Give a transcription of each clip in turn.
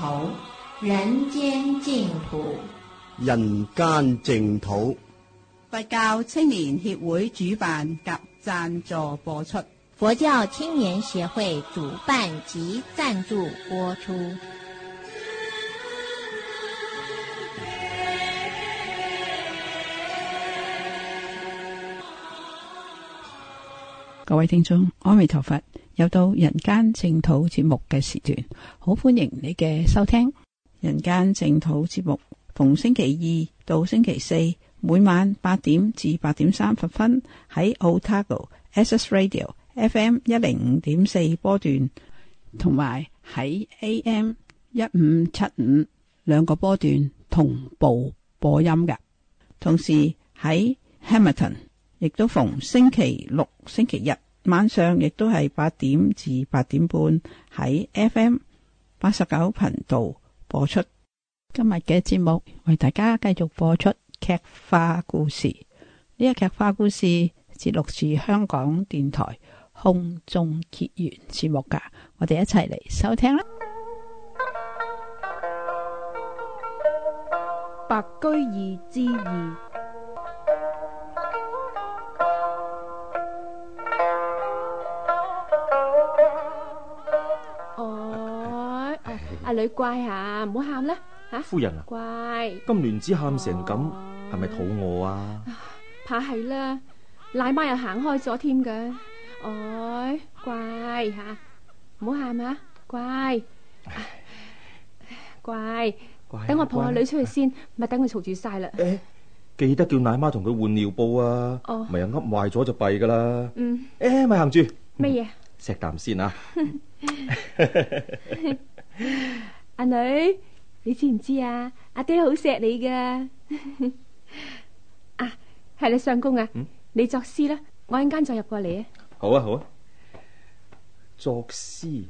土人間淨土，人間淨土。佛教青年協會主辦及贊助播出。佛教青年協會主辦及贊助播出。各位聽眾，阿彌陀佛。又到人間淨土節目嘅時段，好歡迎你嘅收聽人間淨土節目。逢星期二到星期四，每晚八點至八點三十分喺 Otago Access Radio FM 一零五點四波段，同埋喺 AM 一五七五兩個波段同步播音嘅。同時喺 Hamilton，亦都逢星期六、星期日。晚上亦都係八點至八點半喺 FM 八十九頻道播出今日嘅節目，為大家繼續播出劇化故事。呢個劇化故事節錄住香港電台空中結緣節目噶，我哋一齊嚟收聽啦，《白居易之二》。女乖吓，唔好喊啦吓，夫人啊，乖。今年子喊成咁，係咪肚餓啊？怕係啦，奶媽又行開咗添嘅，哦，乖吓，唔好喊啊，乖，乖，乖。等我抱阿女出去先，咪等佢嘈住晒啦。誒，記得叫奶媽同佢換尿布啊，咪又噏壞咗就弊噶啦。嗯，誒，咪行住咩嘢？錫啖先啊。阿、啊、女，你知唔知啊？阿爹好錫你噶 啊！係啦，相公啊，嗯、你作詩啦，我一陣間再入過嚟啊！好啊，好啊，作詩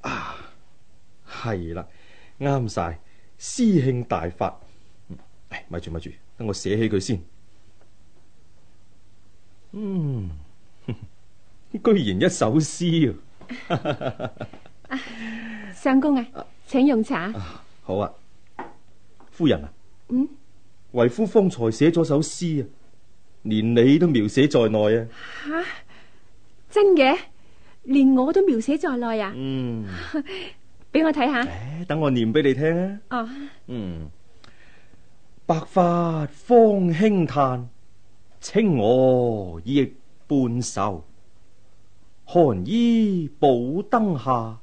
啊，係啦，啱晒，詩興大發。咪住咪住，等我寫起佢先。嗯， 居然一首詩啊！ 啊啊相公啊，請用茶，啊。好啊，夫人啊，嗯，為夫方才寫咗首詩啊，連你都描寫在內啊。吓，真嘅？連我都描寫在內啊。嗯，俾 我睇下。等我念俾你聽啊。哦，嗯，白髮方輕嘆，青娥亦半愁，寒衣寶燈下。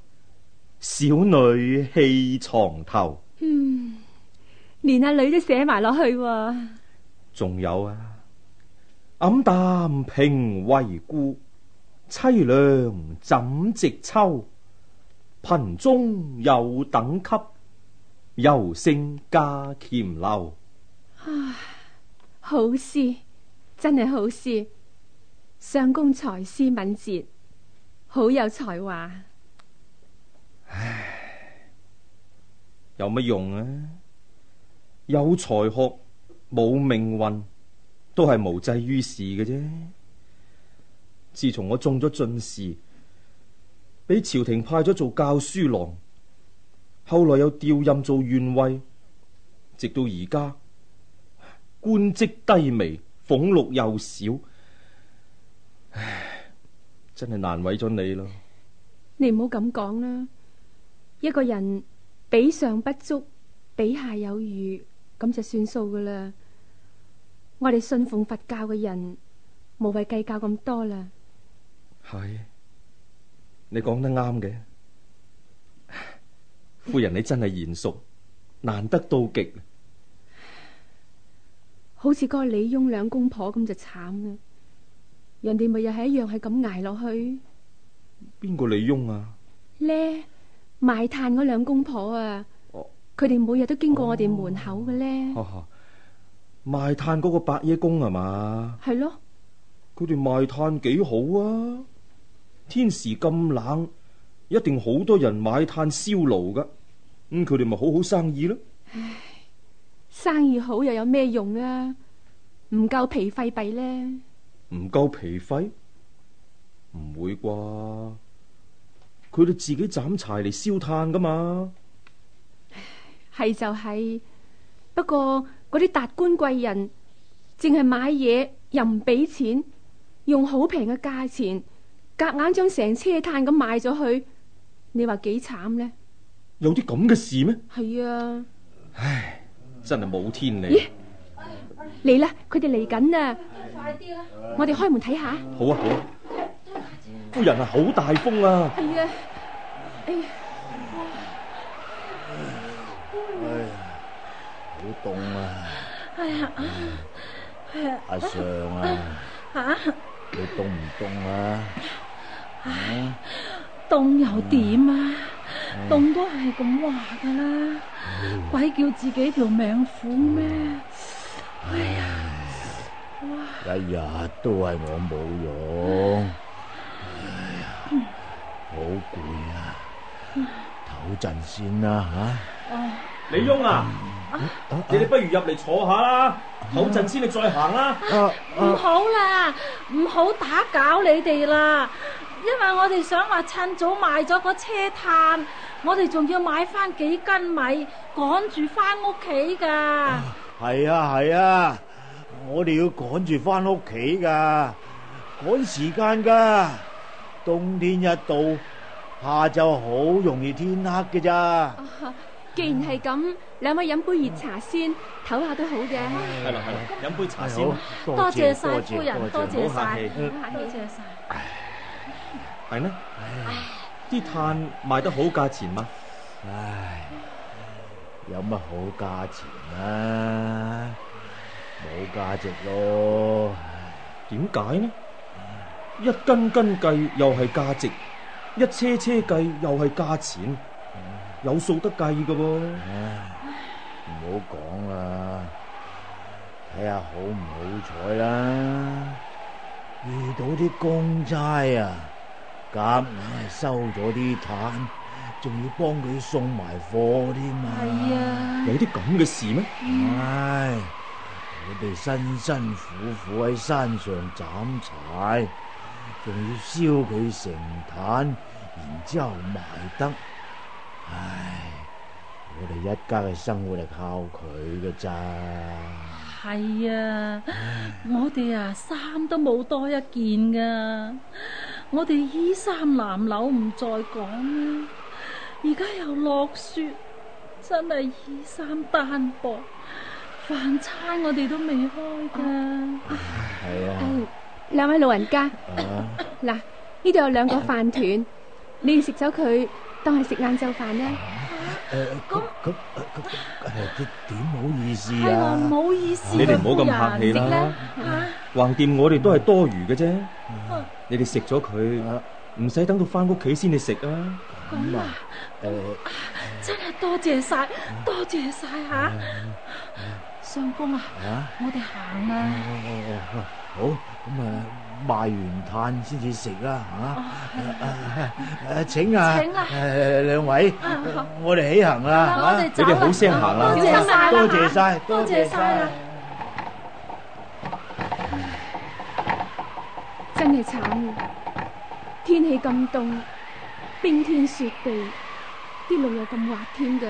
小女棄床頭，嗯，連阿女都寫埋落去。仲有啊，黯淡平為故，淒涼枕夕秋，貧中有等級，又勝加前漏。啊，好詩，真係好詩。相公才思敏捷，好有才華。唉，有乜用啊？有才學，冇命運，都係無濟於事嘅啫。自從我中咗進士，俾朝廷派咗做教書郎，後來又調任做縣尉，直到而家官職低微，俸祿又少，唉，真係難為咗你咯。你唔好咁講啦。一個人比上不足，比下有餘，咁就算數噶啦。我哋信奉佛教嘅人，無謂計較咁多啦。係，你講得啱嘅。夫人，你真係賢淑，難得到極。好似個李翁兩公婆咁就慘啦，人哋咪又係一樣係咁挨落去。邊個李翁啊？咧。賣炭嗰兩公婆啊，佢哋、哦、每日都經過我哋門口嘅咧。賣炭嗰個伯爺公係嘛？係咯，佢哋賣炭幾好啊！天時咁冷，一定好多人買炭燒爐噶，咁佢哋咪好好生意咯。唉，生意好又有咩用啊？唔夠皮費幣咧，唔夠皮費，唔會啩？佢哋自己斬柴嚟燒炭噶嘛？係就係，是，不過嗰啲達官貴人淨係買嘢又唔俾錢，用好平嘅價錢，夾硬將成車炭咁賣咗去，你話幾慘呢？有啲咁嘅事咩？係啊，唉唉！唉，真係冇天理！嚟啦，佢哋嚟緊啦，快啲啦！我哋開門睇下。好啊，好啊。夫 人啊，好大風啊！係啊， 哎呀，好凍啊！哎呀，阿尚啊，吓，你凍唔凍啊？凍又點啊？凍都係咁話㗎啦，鬼叫自己條命苦咩？哎呀，一、哎、日、 哎哎哎哎、都係我冇用。哎呀，好攰啊，唞陣先啦吓。李翁啊，嗯、你哋不如入嚟坐下啦，唞陣先你再行啦。唔好啦，唔好打攪你哋啦，因為我哋想話趁早賣咗個車炭，我哋仲要買翻幾斤米，趕住翻屋企噶。係啊係啊,啊,啊，我哋要趕住翻屋企噶，趕時間噶。冬天一到，下晝好容易天黑嘅咋。既然係咁，兩位飲杯熱茶先，唞下都好嘅。係啦係啦，飲杯茶先，多謝晒夫人，多謝晒，唔好客氣，唔好客氣，謝晒。係咩？啲炭賣得好價錢嘛？唉，有乜好價錢啊？冇價值咯，點解呢？一斤斤計又係價值，一車車計又係價錢，有數得計噶喎。唉，唔好講啦，睇下好唔好彩啦。遇到啲公差啊，夾硬係收咗啲炭，仲要幫佢送埋貨添嘛。啊、有啲咁嘅事咩？唉，我哋辛辛苦苦喺山上斬柴。仲要燒佢成炭，然之後賣得。唉，我哋一家嘅生活係靠佢嘅咋。係啊，唉我哋啊，衫都冇多一件噶。我哋衣衫襤褸唔再講啦。而家又落雪，真係衣衫單薄。飯餐我哋都未開噶。係啊。唉兩位老人家，嗱，呢度有兩個飯團，你哋食咗佢，當係食晏晝飯啦。咁咁咁，點好意思啊！唔好意思，你哋唔好咁客氣啦。橫掂我哋都係多餘嘅啫。你哋食咗佢，唔使等到翻屋企先，至食啊。咁啊，誒，真係多謝晒，多謝晒吓。相公啊，我哋行啊。好。咁啊，賣完炭先至食啦，吓、啊啊！請啊，請啦，兩、啊、位，啊啊、我哋起行啦，啊、你哋好聲行啦，多謝晒，多謝晒，多謝晒啦！真係慘！天氣咁凍，冰天雪地，啲路又咁滑天嘅。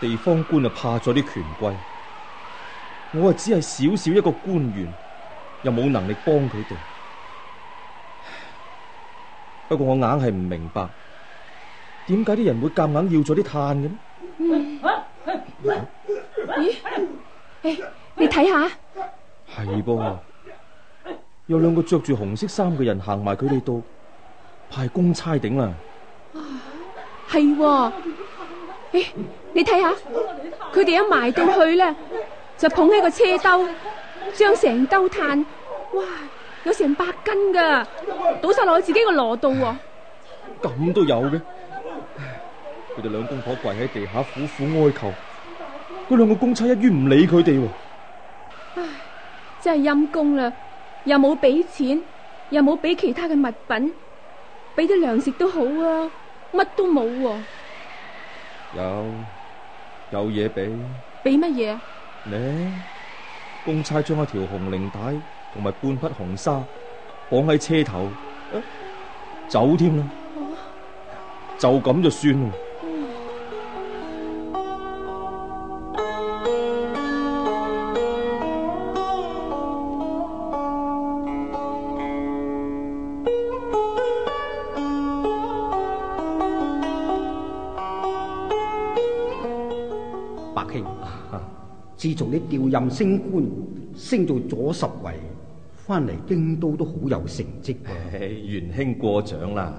地方官啊，怕咗啲權貴，我啊只係少少一個官員。又冇能力幫佢哋，不過我硬係唔明白，點解啲人會夾硬要咗啲炭嘅咧？咦？誒，你睇下，係噃，有兩個着住紅色衫嘅人行埋佢哋度，派公差頂啦。係，誒，你睇下，佢哋一埋到去咧，就捧起個車兜。將成兜炭，哇，有成百斤噶，倒晒落自己個籮度喎。咁都有嘅，佢哋兩公婆跪喺地下苦苦哀求，嗰兩個公差一於唔理佢哋。唉，真係陰公啦，又冇俾錢，又冇俾其他嘅物品，俾啲糧食都好啊，乜都冇。有有嘢俾。俾乜嘢？你。公差將一條紅領帶同埋半匹紅紗綁喺車頭，啊、走添啦，啊、就咁就算了。從你調任升官，升到左十圍，翻嚟京都都好有成績。哎，元兄過獎啦，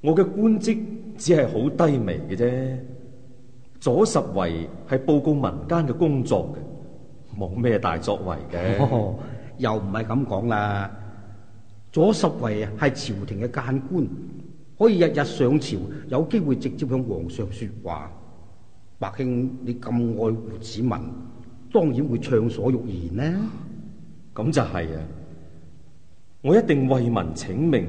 我嘅官職只係好低微嘅啫。左十圍係報告民間嘅工作嘅，冇咩大作為嘅。哦，又唔係咁講啦，左十圍係朝廷嘅諫官，可以日日上朝，有機會直接向皇上說話。白卿，你咁愛護子民，當然會暢所欲言啦。咁就係啊，我一定為民請命，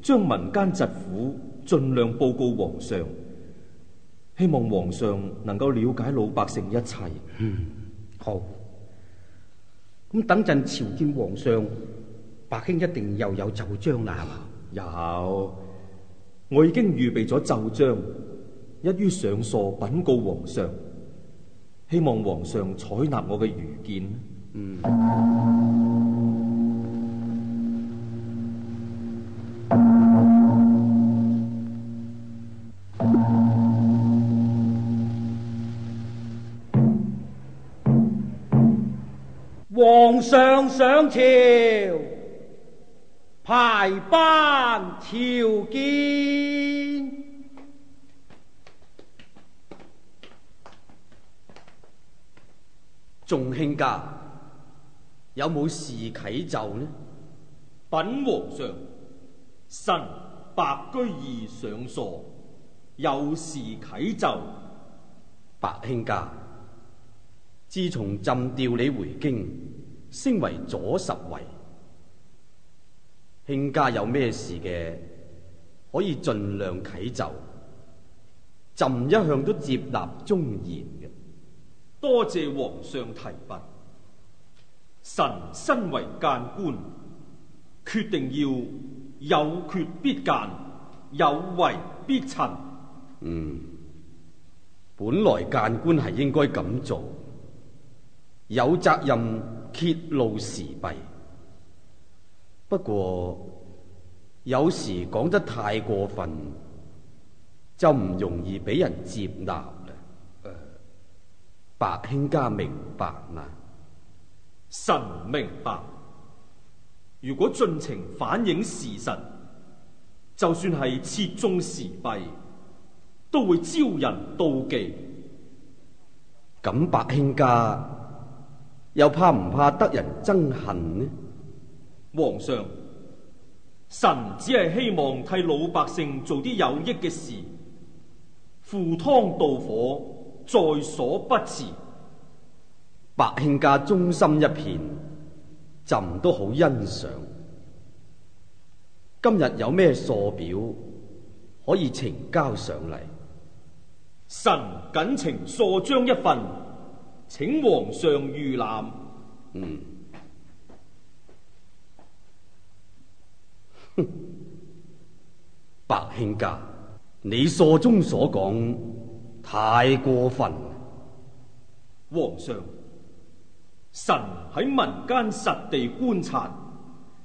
將民間疾苦盡量報告皇上，希望皇上能夠了解老百姓一切。嗯，好。咁等陣朝見皇上，白卿一定又有奏章啦。係嘛？有，我已經預備咗奏章。一於上疏，稟告皇上，希望皇上採納我嘅愚見。嗯。皇上上朝，排班朝見。眾卿家有冇事啟奏呢？稟皇上，臣白居易上疏有事啟奏。白卿家，自從朕調你回京，升為左拾遺，卿家有咩事嘅，可以盡量啟奏。朕一向都接納忠言嘅。多謝皇上提拔，神身為諫官，決定要有缺必諫，有違必陳。嗯，本來諫官係應該咁做，有責任揭露時弊。不過有時講得太過分，就唔容易俾人接納。白卿家明白嗎？臣明白。如果盡情反映事實，就算係切中時弊，都會招人妒忌。咁白卿家又怕唔怕得人憎恨呢？皇上，臣只係希望替老百姓做啲有益嘅事，赴湯蹈火，在所不辭，白慶家忠心一片，朕都好欣賞。今日有咩疏表可以呈交上嚟？臣謹呈疏章一份，請皇上御覽。嗯。哼， 白慶家，你疏中所講。太過分，皇上，臣喺民間實地觀察，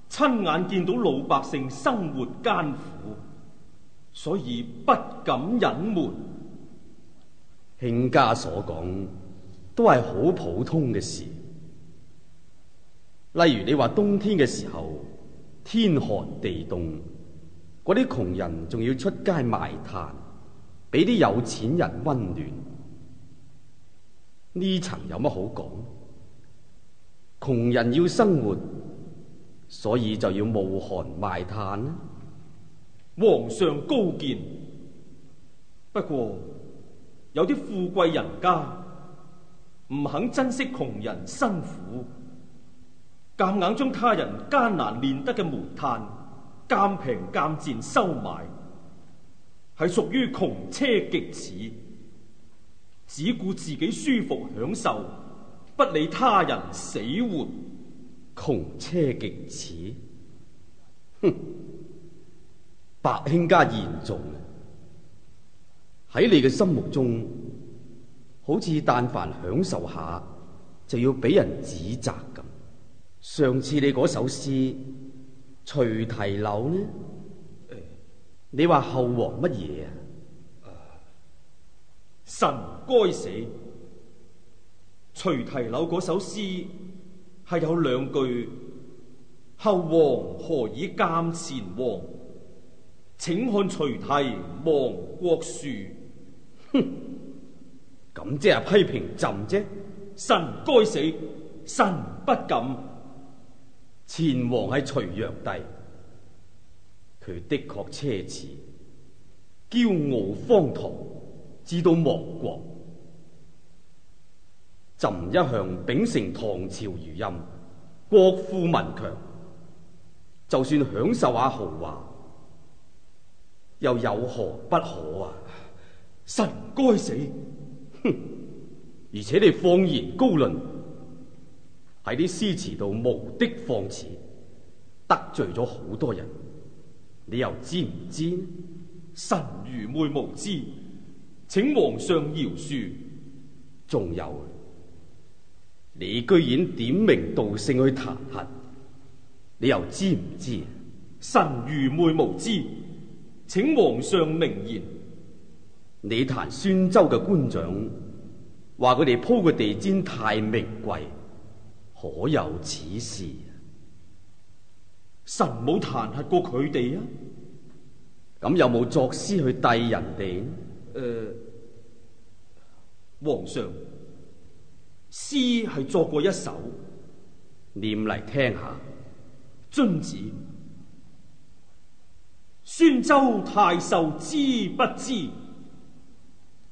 親眼見到老百姓生活艱苦，所以不敢隱瞞。卿家所講都係好普通嘅事，例如你話冬天嘅時候，天寒地凍，嗰啲窮人仲要出街賣炭。俾啲有錢人溫暖，呢層有乜好講？窮人要生活，所以就要冒寒賣炭啦。啊，皇上高見，不過有啲富貴人家唔肯珍惜窮人辛苦，夾硬將他人艱難煉得嘅煤炭，奸平奸賤收埋。係屬於窮奢極侈，只顧自己舒服享受，不理他人死活，窮奢極侈。哼，白兄家言重。喺你嘅心目中，好似但凡，凡享受下就要俾人指責咁。上次你嗰首詩《隋堤柳》呢？你話後王乜嘢啊？臣該死。隋堤柳嗰首詩係有兩句：後王何以鑒前王？請看隋堤亡國樹。哼，咁即係批評朕啫。臣該死，臣不敢。前王係隋煬帝。佢的確奢侈、驕傲、荒唐，至到亡國。朕一向秉承唐朝餘蔭，國富民強，就算享受下、啊、豪華，又有何不可啊？臣該死，哼！而且你放言高論，喺啲詩詞度無的放矢，得罪咗好多人。你又知唔知？臣愚昧無知，請皇上饒恕。仲有，你居然點名道姓去彈劾，你又知唔知？臣愚昧無知，請皇上明言。你彈宣州嘅官長，話佢哋鋪嘅地氈太名貴，可有此事？神冇彈劾過佢哋啊！咁有冇作詩去遞人哋誒、呃，皇上，詩係作過一首。念嚟聽下。遵旨，宣州太守知不知？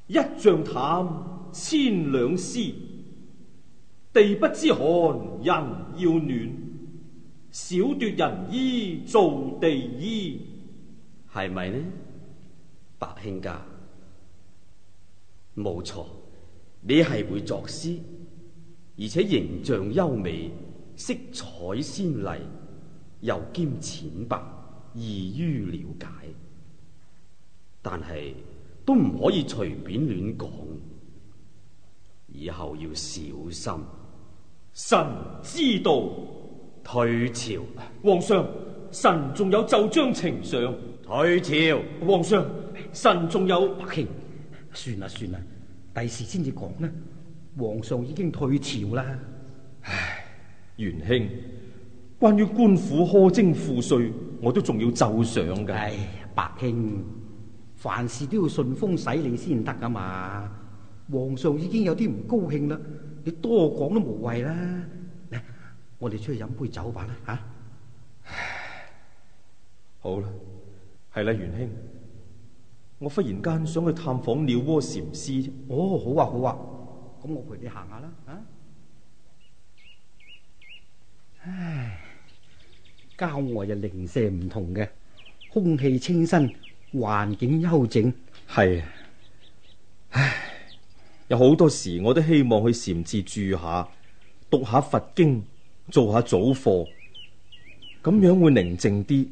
一丈毯，千兩絲，地不知寒，人要暖。小奪人衣，做地衣，係咪呢？白卿家，冇錯，你係會作詩，而且形象優美，色彩鮮麗，又兼淺白，易於了解。但係都唔可以隨便亂講，以後要小心。神知道。退朝，皇上，臣仲有奏章呈上。退朝，皇上，臣仲有。白卿，算啦算啦，第時先至講啦。皇上已經退朝啦。唉，元兄，關於官府苛徵賦稅，我都仲要奏上噶。唉、哎，白卿，凡事都要順風使利，先得噶嘛。皇上已經有啲唔高興啦，你多講都無謂啦。我哋出去飲杯酒吧啦，吓唉好啦，係啦，元兄，我忽然間想去探訪鳥窩禪師。哦，好啊，好啊，咁我陪你行下啦，吓唉，郊外又零舍唔同嘅，空氣清新，環境幽靜，係唉，有好多時我都希望去禪寺住下，讀下佛經。做下早課，咁樣會寧靜啲，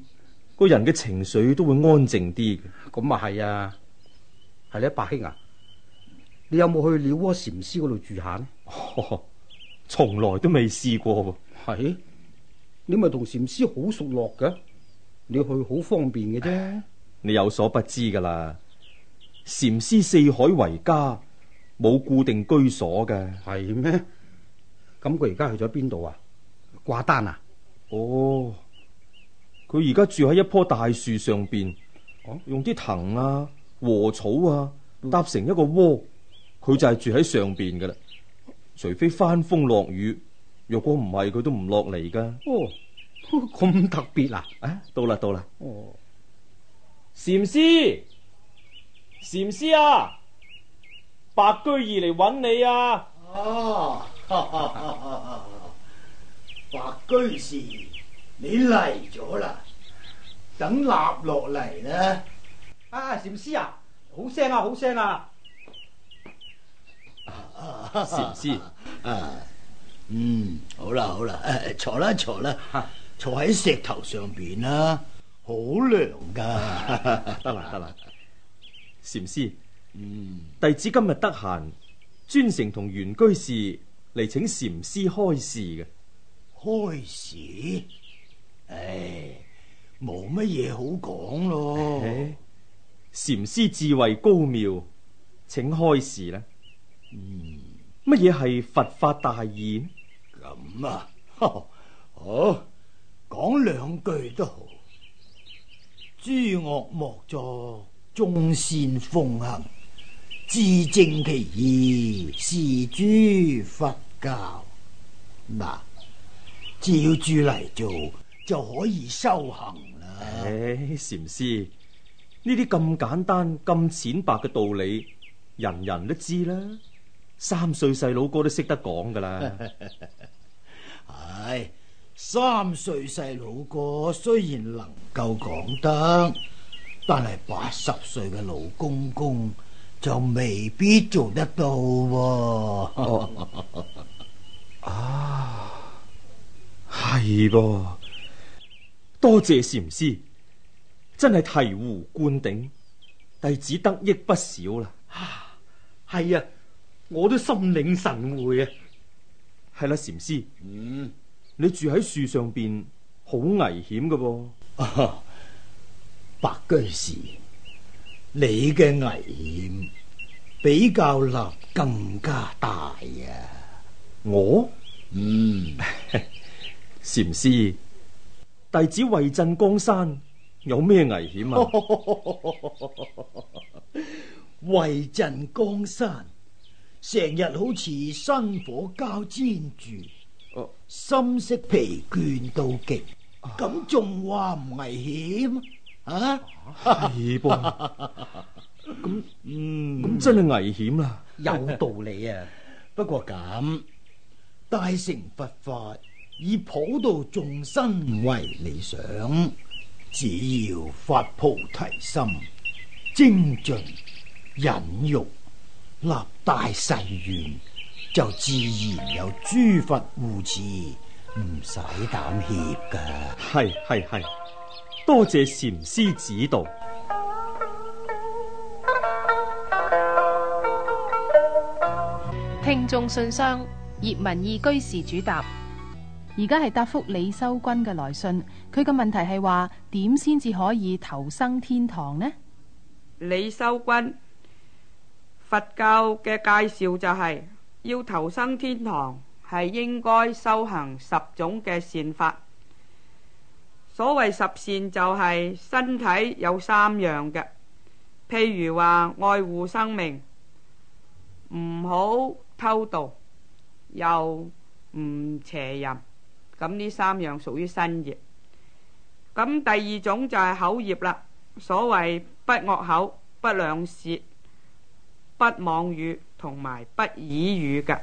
個人嘅情緒都會安靜啲。咁啊係啊，係咧，白兄啊，你有冇去鳥窩禪師嗰度住下呢？哦，從來都未試過喎。係？你咪同禪師好熟絡噶，你去好方便嘅啫。你有所不知噶啦，禪師四海為家，冇固定居所嘅。係咩？咁佢而家去咗邊度啊？掛單啊！哦，佢而家住喺一棵大樹上邊，啊、用啲藤啊、禾草啊搭成一個窩，佢就係住喺上邊噶啦。除非翻風落雨，若果唔係佢都唔落嚟噶。哦，咁 特別啊！啊，到啦到啦！哦，禪師，禪師啊，白居易嚟揾你啊！哦、啊。哈哈 居士，你嚟咗啦？等立落嚟啦！啊，禪師啊，好聲啊，好聲啊！禪師啊，啊，嗯，好啦好啦，坐啦坐啦，坐喺石頭上邊啦，啊，好涼噶，啊。得啦得啦，禪師，嗯，弟子今日得閒，專程同原居士嚟請禪師開示嘅。開始，唉、哎，冇乜嘢好講咯。禪師、哎、智慧高妙，請開示啦。乜嘢係佛法大義？咁啊，好講兩句都好。諸惡莫作，眾善奉行，自正其意，是諸佛教。嗱。照住嚟做就可以修行啦。唉，禪師，呢啲咁簡單咁淺白嘅道理，人人都知啦。三歲細佬哥都識得講噶啦。唉，三歲細佬哥雖然能夠講得，但係八十歲嘅老公公就未必做得到喎。啊！係噃，多謝禪師，真係醍醐灌頂，弟子得益不少啦。係啊，我都心領神會啊。係啦，禪師，嗯，你住喺樹上邊好危險噶噃。白居士，你嘅危險比較立更加大啊。我，嗯。禪師，弟子圍鎮江山有咩危險啊？圍鎮 江山，成日好似生火交煎住，心息疲倦到極。咁仲話唔危險啊？噃， 咁嗯，咁真係危險啦。 有道理啊，不過咁大乘佛法。以普度眾生為理想，只要發菩提心，精進忍辱，立大誓願，就自然有諸佛護持，唔使膽怯㗎。系系系，多謝禪師指導。聽眾信箱，葉文義居士主答。而家係答覆李修君嘅來信，佢嘅問題係話點先至可以投生天堂呢？李修君，佛教嘅介紹就係、是、要投生天堂係應該修行十種嘅善法。所謂十善就係身體有三樣嘅，譬如話愛護生命，唔好偷盜，又唔邪淫。咁呢三樣屬於身業。咁第二種就係口業啦，所謂不惡口、不兩舌、不妄語同埋不綺語嘅。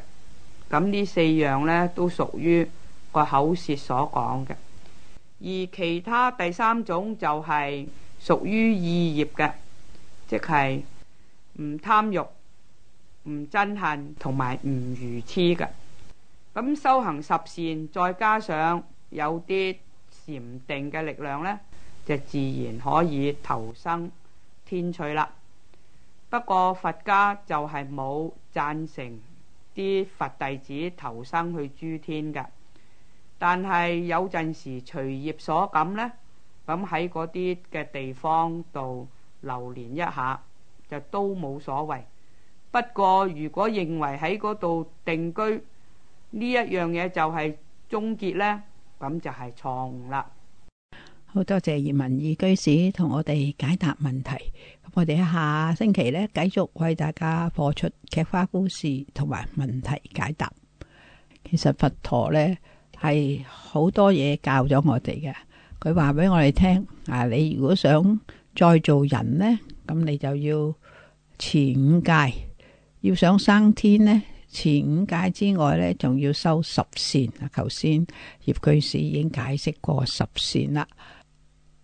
咁呢四樣呢都屬於個口舌所講嘅。而其他第三種就係屬於意業嘅，即係唔貪欲、唔憎恨同埋唔愚痴嘅。咁修行十善，再加上有啲禪定嘅力量呢，就自然可以投生天趣啦。不過，佛家就係冇贊成啲佛弟子投生去諸天嘅，但係有陣時隨業所感呢，咁喺嗰啲嘅地方度流連一下，就都冇所謂。不過，如果認為喺嗰度定居，呢一樣嘢就係終結咧，咁就係錯誤啦。好多謝葉文義居士同我哋解答問題。我哋下星期咧繼續為大家播出劇花故事同埋問題解答。其實佛陀咧係好多嘢教咗我哋嘅，佢話俾我哋聽啊，你如果想再做人咧，咁你就要持五戒，要想生天咧，前五戒之外咧，仲要修十善啊！頭先葉居士已經解釋過十善啦。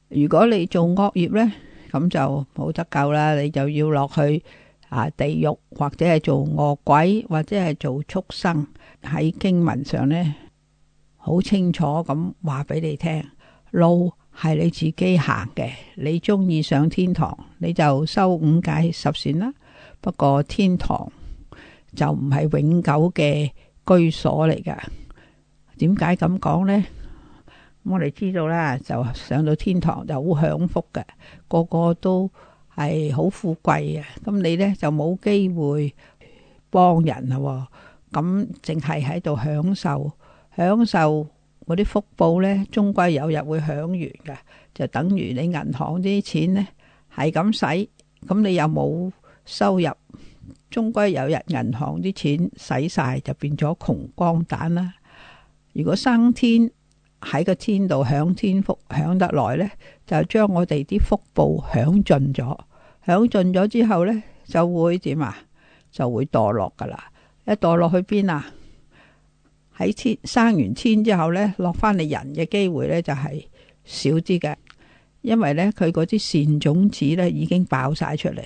如果你做惡業咧，咁就冇得救啦，你就要落去啊地獄，或者係做惡鬼，或者係做畜生。喺經文上咧，好清楚咁話俾你聽，路係你自己行嘅。你中意上天堂，你就修五戒十善啦。不過天堂，就唔係永久嘅居所嚟噶，點解咁講呢？我哋知道啦，就上到天堂就好享福嘅，個個都係好富貴啊！咁你呢就冇機會幫人啦，咁淨係喺度享受享受我啲福報呢，終歸有日會享完嘅，就等於你銀行啲錢呢係咁使，咁你又冇收入。終歸有日，銀行啲錢使晒就變咗窮光蛋啦。如果生天喺個天度享天福享得耐呢，就將我哋啲福報享盡咗。享盡咗之後呢，就會點啊？就會墮落噶啦。一墮落去邊啊？喺天生完天之後呢，落翻嚟人嘅機會呢，就係、是、少啲嘅，因為呢，佢嗰啲善種子呢已經爆晒出嚟，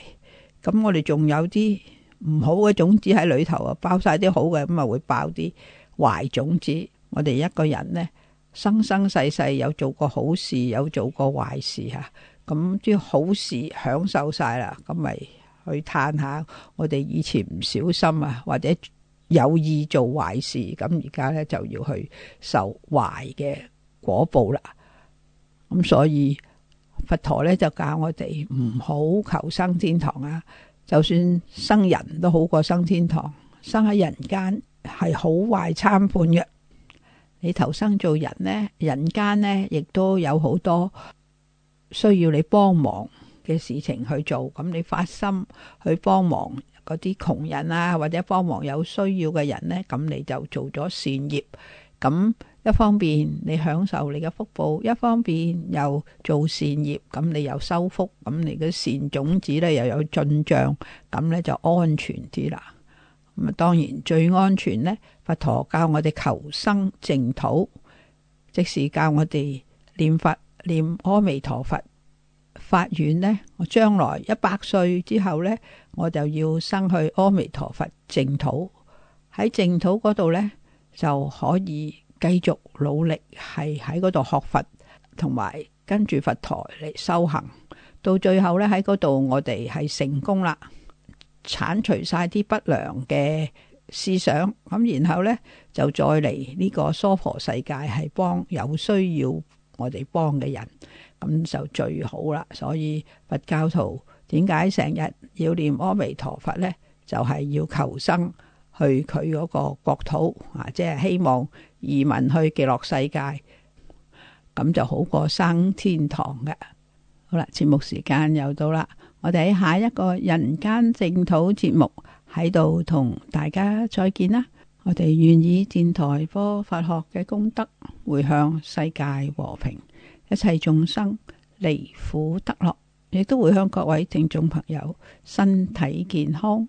咁我哋仲有啲。唔好嘅種子喺裏頭啊，包晒啲好嘅，咁啊會包啲壞種子。我哋一個人呢，生生世世有做過好事，有做過壞事吓，咁啲好事享受晒啦，咁咪去嘆下我哋以前唔小心啊，或者有意做壞事，咁而家呢就要去受壞嘅果報啦。咁所以佛陀呢就教我哋唔好求生天堂啊。就算生人都好過生天堂，生喺人間係好壞參半嘅。你投生做人呢，人間呢亦都有好多需要你幫忙嘅事情去做。咁你發心去幫忙嗰啲窮人啊，或者幫忙有需要嘅人呢，咁你就做咗善業。咁一方面你享受你嘅福報，一方面又做善業，咁你又收福，咁你嘅善種子咧又有進賬，咁咧就安全啲啦。咁啊，當然最安全呢，佛陀教我哋求生淨土，即是教我哋念佛、念阿彌陀佛。發願呢，我將來一百歲之後呢，我就要生去阿彌陀佛淨土，喺淨土嗰度呢，就可以。繼續努力，係喺嗰度學佛，同埋跟住佛台嚟修行，到最後呢，喺嗰度我哋係成功啦，鏟除晒啲不良嘅思想，咁然後呢，就再嚟呢個娑婆世界係幫有需要我哋幫嘅人，咁就最好啦。所以佛教徒點解成日要念阿彌陀佛呢？就係要求生。去佢嗰個國土啊，即係希望移民去極樂世界，咁就好過生天堂嘅。好啦，節目時間又到啦，我哋喺下一個人間淨土節目喺度同大家再見啦。 我哋願以電台播法學嘅功德，回向世界和平，一切眾生離苦得樂，亦都會向各位聽眾朋友身體健康。